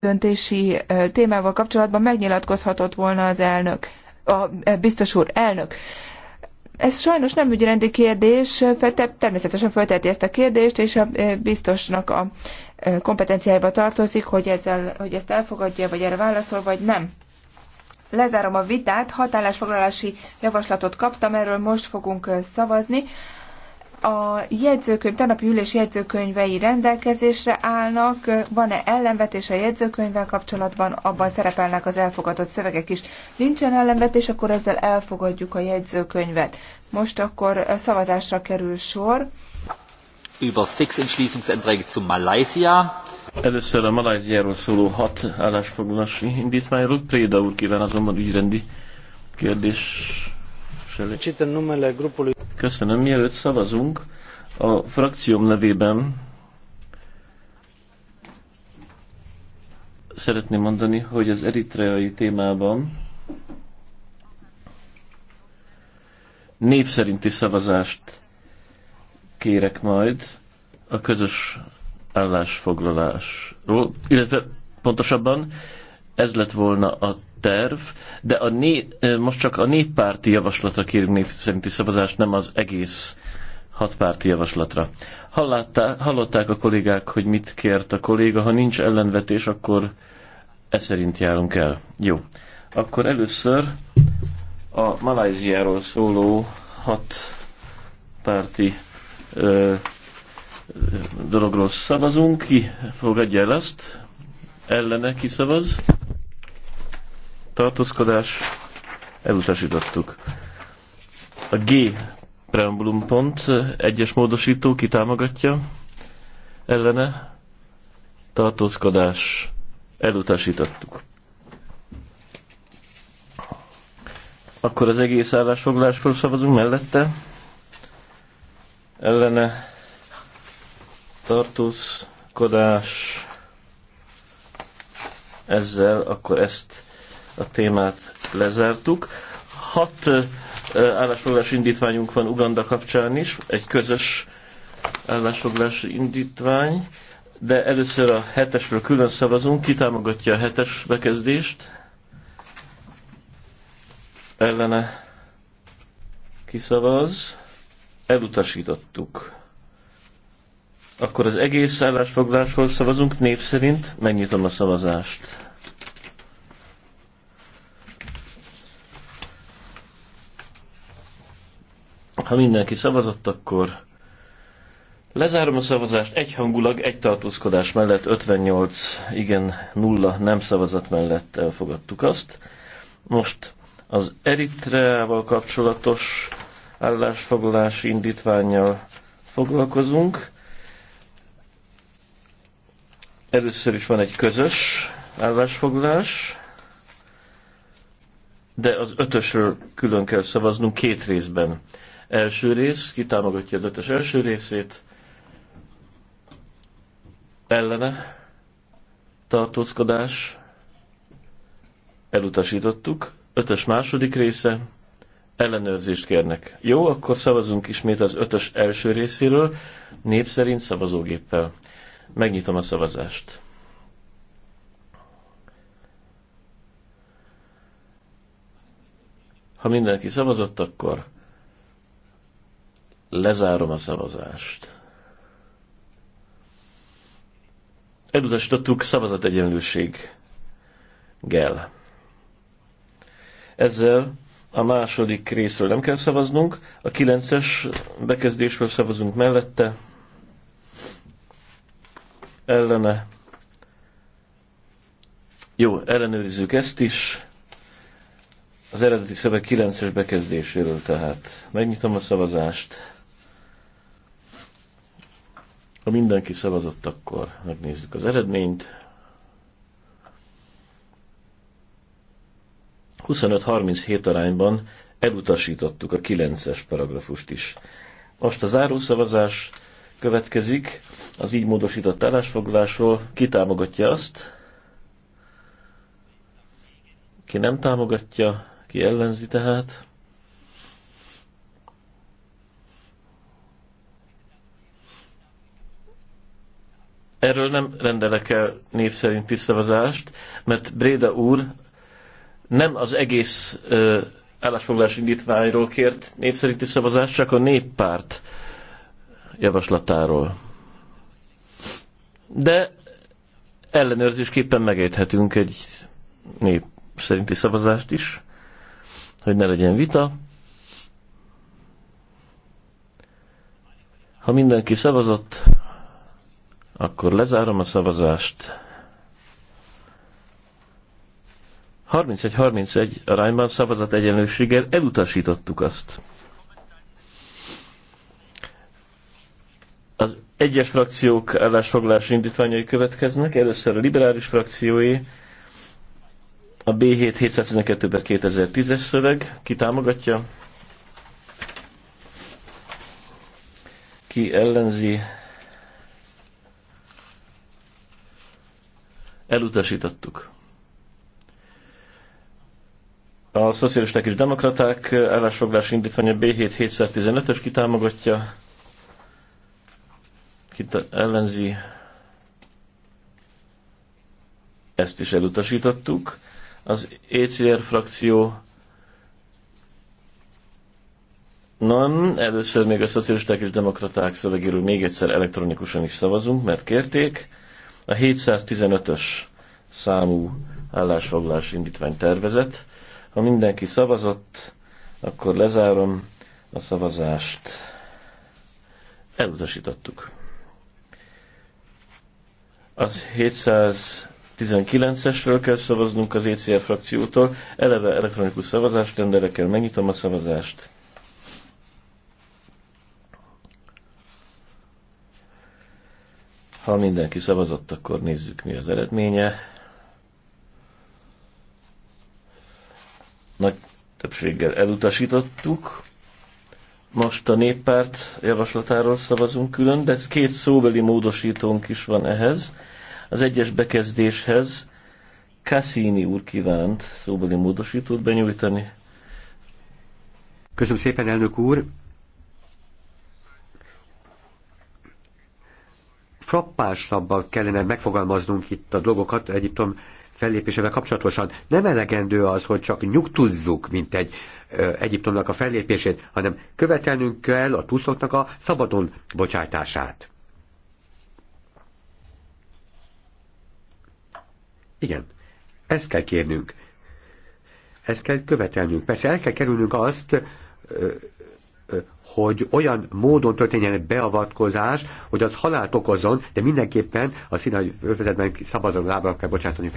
döntési témával kapcsolatban megnyilatkozhatott volna az elnök, a biztos úr elnök. Ez sajnos nem ügyrendi kérdés, természetesen felteheti ezt a kérdést, és a biztosnak a kompetenciájába tartozik, hogy, ezzel, hogy ezt elfogadja, vagy erre válaszol, vagy nem. Lezárom a vitát, hatállásfoglalási javaslatot kaptam, erről most fogunk szavazni a jegyzőkönyv, tenapi ülés jegyzőkönyvei rendelkezésre állnak, van-e ellenvetés a jegyzőkönyvvel kapcsolatban, abban szerepelnek az elfogadott szövegek is. Nincsen ellenvetés, akkor ezzel elfogadjuk a jegyzőkönyvet. Most akkor szavazásra kerül sor. Über six Entschließungsanträge zu Malaysia. Először a Malajziáról szóló hat állásfoglalási indítványról. Préda úr kíván azonban ügyrendi kérdés képviselő. Köszönöm, mielőtt szavazunk, a frakcióm nevében szeretném mondani, hogy az eritreai témában név szerinti szavazást kérek majd a közös állásfoglalásról, illetve pontosabban ez lett volna a terv, de a né, most csak a néppárti javaslatra kérünk név szerinti szavazást, nem az egész hatpárti javaslatra. Hallották, hallották a kollégák, hogy mit kért a kolléga. Ha nincs ellenvetés, akkor e szerint járunk el. Jó. Akkor először a Malajziáról szóló hat párti ö, dologról szavazunk. Ki fogadja el ezt? Ellene ki szavaz? tartózkodás, elutasítottuk. A G preambulum pont, egyes módosító kitámogatja, ellene tartózkodás, elutasítottuk. Akkor az egész állásfoglalásról szavazunk mellette, ellene tartózkodás, ezzel akkor ezt a témát lezártuk. Hat állásfoglalás indítványunk van Uganda kapcsán is, egy közös állásfoglalás indítvány, de először a hetesről külön szavazunk, ki támogatja a hetes bekezdést, ellene kiszavaz, elutasítottuk. Akkor az egész állásfoglalásról szavazunk név szerint, megnyitom a szavazást. Ha mindenki szavazott, akkor lezárom a szavazást egyhangulag, egy tartózkodás mellett, 58 igen, nulla nem szavazat mellett elfogadtuk azt. Most az Eritreával kapcsolatos állásfoglalási indítványjal foglalkozunk. Először is van egy közös állásfoglalás, de az ötösről külön kell szavaznunk két részben első rész, kitámogatja az ötös első részét, ellene tartózkodás, elutasítottuk, ötös második része, ellenőrzést kérnek. Jó, akkor szavazunk ismét az ötös első részéről, név szerint szavazógéppel. Megnyitom a szavazást. Ha mindenki szavazott, akkor Lezárom a szavazást. Elutasítottuk egyenlőséggel. Ezzel a második részről nem kell szavaznunk, a kilences bekezdésről szavazunk mellette, ellene. Jó, ellenőrizzük ezt is. Az eredeti szöveg kilences bekezdéséről tehát. Megnyitom a szavazást. Ha mindenki szavazott, akkor megnézzük az eredményt. 25-37 arányban elutasítottuk a 9-es paragrafust is. Most a zárószavazás következik az így módosított állásfoglalásról. Ki támogatja azt? Ki nem támogatja? Ki ellenzi tehát? Erről nem rendelek el név szerint tisztavazást, mert Bréda úr nem az egész ö, állásfoglalás indítványról kért név szerinti szavazást, csak a néppárt javaslatáról. De ellenőrzésképpen megérthetünk egy nép szerinti szavazást is, hogy ne legyen vita. Ha mindenki szavazott, akkor lezárom a szavazást. 31-31 arányban szavazat egyenlőséggel elutasítottuk azt. Az egyes frakciók állásfoglalási indítványai következnek. Először a liberális frakciói, a B7 712 ben 2010-es szöveg, ki támogatja, ki ellenzi, elutasítottuk. A szocialisták és demokraták állásfoglalási indítványa B7-715-ös kitámogatja, kit ellenzi, ezt is elutasítottuk. Az ECR frakció nem, először még a szocialisták és demokraták szövegéről még egyszer elektronikusan is szavazunk, mert kérték a 715-ös számú állásfoglalás indítvány tervezet. Ha mindenki szavazott, akkor lezárom a szavazást. Elutasítottuk. Az 719-esről kell szavaznunk az ECR frakciótól. Eleve elektronikus szavazást rendelek el, megnyitom a szavazást. Ha mindenki szavazott, akkor nézzük, mi az eredménye. Nagy többséggel elutasítottuk. Most a néppárt javaslatáról szavazunk külön, de két szóbeli módosítónk is van ehhez. Az egyes bekezdéshez Cassini úr kívánt szóbeli módosítót benyújtani. Köszönöm szépen, elnök úr! frappánsabban kellene megfogalmaznunk itt a dolgokat Egyiptom fellépésével kapcsolatosan. Nem elegendő az, hogy csak nyugtuzzuk, mint egy ö, Egyiptomnak a fellépését, hanem követelnünk kell a túszoknak a szabadon bocsátását. Igen, ezt kell kérnünk. Ezt kell követelnünk. Persze el kell kerülnünk azt, ö, hogy olyan módon történjen beavatkozás, hogy az halált okozzon, de mindenképpen a színai övezetben szabadon lábra kell bocsátani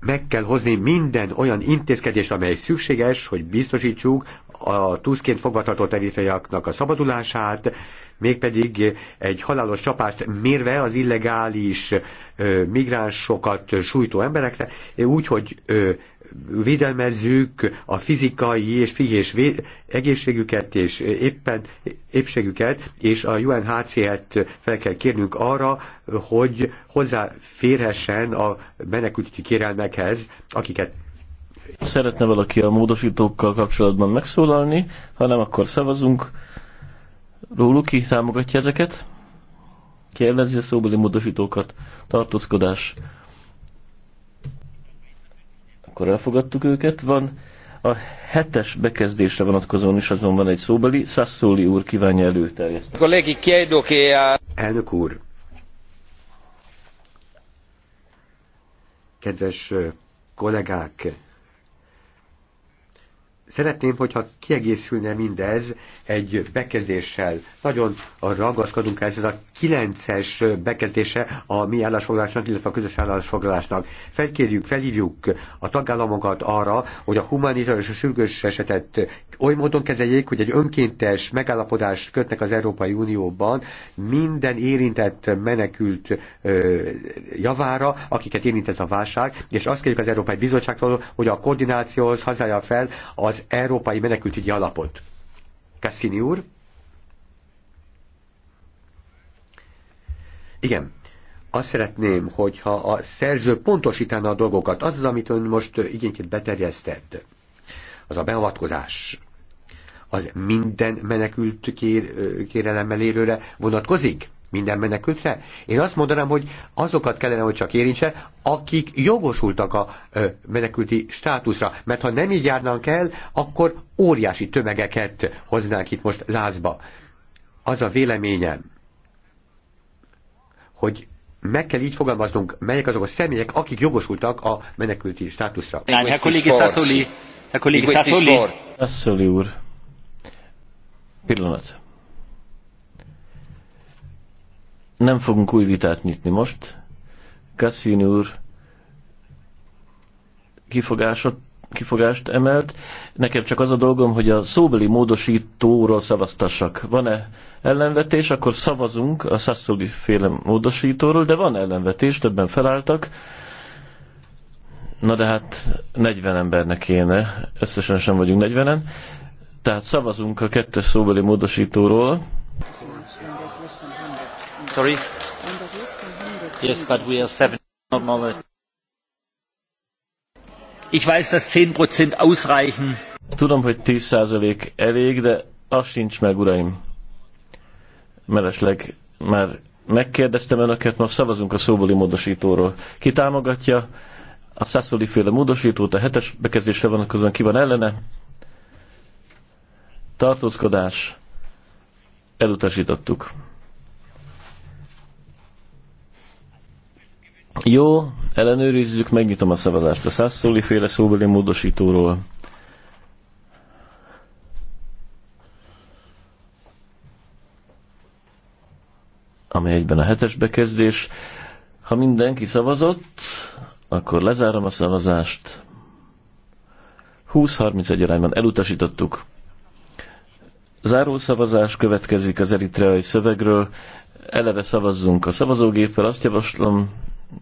Meg kell hozni minden olyan intézkedést, amely szükséges, hogy biztosítsuk, a túszként fogvatartott eritreaiaknak a szabadulását, mégpedig egy halálos csapást mérve az illegális ö, migránsokat sújtó emberekre, úgy, hogy ö, védelmezzük a fizikai és pszichés egészségüket és éppen épségüket, és a UNHCR-t fel kell kérnünk arra, hogy hozzáférhessen a menekültügyi kérelmekhez, akiket Szeretne valaki a módosítókkal kapcsolatban megszólalni, ha nem, akkor szavazunk. Róluk ki támogatja ezeket? Kérdezi a szóbeli módosítókat. Tartózkodás. Akkor elfogadtuk őket. Van a hetes bekezdésre vonatkozóan is azonban egy szóbeli. Sassoli úr kívánja előterjeszteni. Kollégi, chiedo Elnök úr, kedves kollégák, Szeretném, hogyha kiegészülne mindez egy bekezdéssel. Nagyon ragaszkodunk ez, ez a kilences bekezdése a mi állásfoglalásnak, illetve a közös állásfoglalásnak. Felkérjük, felhívjuk a tagállamokat arra, hogy a humanitárius sürgős esetet oly módon kezeljék, hogy egy önkéntes megállapodást kötnek az Európai Unióban minden érintett menekült javára, akiket érint ez a válság, és azt kérjük az Európai Bizottságtól, hogy a koordinációhoz hazája fel az az Európai Menekültügyi Alapot. Cassini úr? Igen, azt szeretném, hogyha a szerző pontosítaná a dolgokat, az az, amit ön most igényként beterjesztett, az a beavatkozás, az minden menekült kér, kérelemmel élőre vonatkozik? minden menekültre? Én azt mondanám, hogy azokat kellene, hogy csak érintse, akik jogosultak a ö, menekülti státuszra. Mert ha nem így járnánk el, akkor óriási tömegeket hoznánk itt most lázba. Az a véleményem, hogy meg kell így fogalmaznunk, melyek azok a személyek, akik jogosultak a menekülti státuszra. Herr Kollege Sassoli, Herr Kollege Sassoli. Sassoli úr. Pillanat. Nem fogunk új vitát nyitni most. Cassini úr kifogásot, kifogást emelt. Nekem csak az a dolgom, hogy a szóbeli módosítóról szavaztassak. Van-e ellenvetés, akkor szavazunk a Sassoli féle módosítóról, de van ellenvetés, többen felálltak. Na de hát 40 embernek kéne, összesen sem vagyunk 40-en. Tehát szavazunk a kettes szóbeli módosítóról. Sorry? Yes, but we are seven. Normal. Ich weiß, dass 10% ausreichen. Tudom, hogy 10% elég, de az sincs meg, uraim. Meresleg már megkérdeztem önöket, ma szavazunk a szóbeli módosítóról. Ki támogatja a szászoli féle módosítót, a hetes bekezdésre van vonatkozóan ki van ellene? Tartózkodás. Elutasítottuk. Jó, ellenőrizzük, megnyitom a szavazást a százszóli féle szóbeli módosítóról. ami egyben a hetes bekezdés. Ha mindenki szavazott, akkor lezárom a szavazást. 20-31 arányban elutasítottuk. Záró szavazás következik az eritreai szövegről. Eleve szavazzunk a szavazógéppel. Azt javaslom,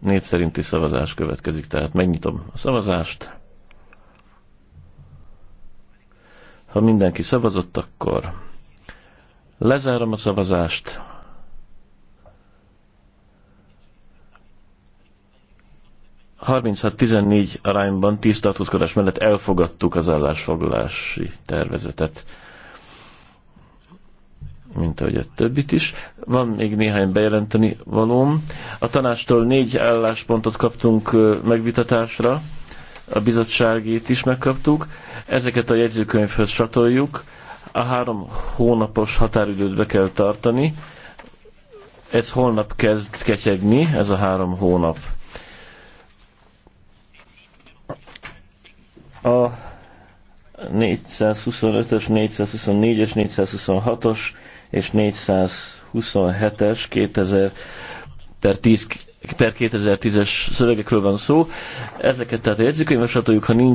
Név szerinti szavazás következik, tehát megnyitom a szavazást. Ha mindenki szavazott, akkor lezárom a szavazást. arányban 10 tartózkodás mellett elfogadtuk az állásfoglalási tervezetet mint ahogy a többit is. Van még néhány bejelenteni valóm. A tanástól négy álláspontot kaptunk megvitatásra, a bizottságét is megkaptuk. Ezeket a jegyzőkönyvhöz csatoljuk. A három hónapos határidőt be kell tartani. Ez holnap kezd ketyegni, ez a három hónap. A 425-ös, 424-es, 426-os és 427-es 2000 per 10 per 2010-es szövegekről van szó. Ezeket tehát a jegyzőkönyvesatoljuk, ha nincs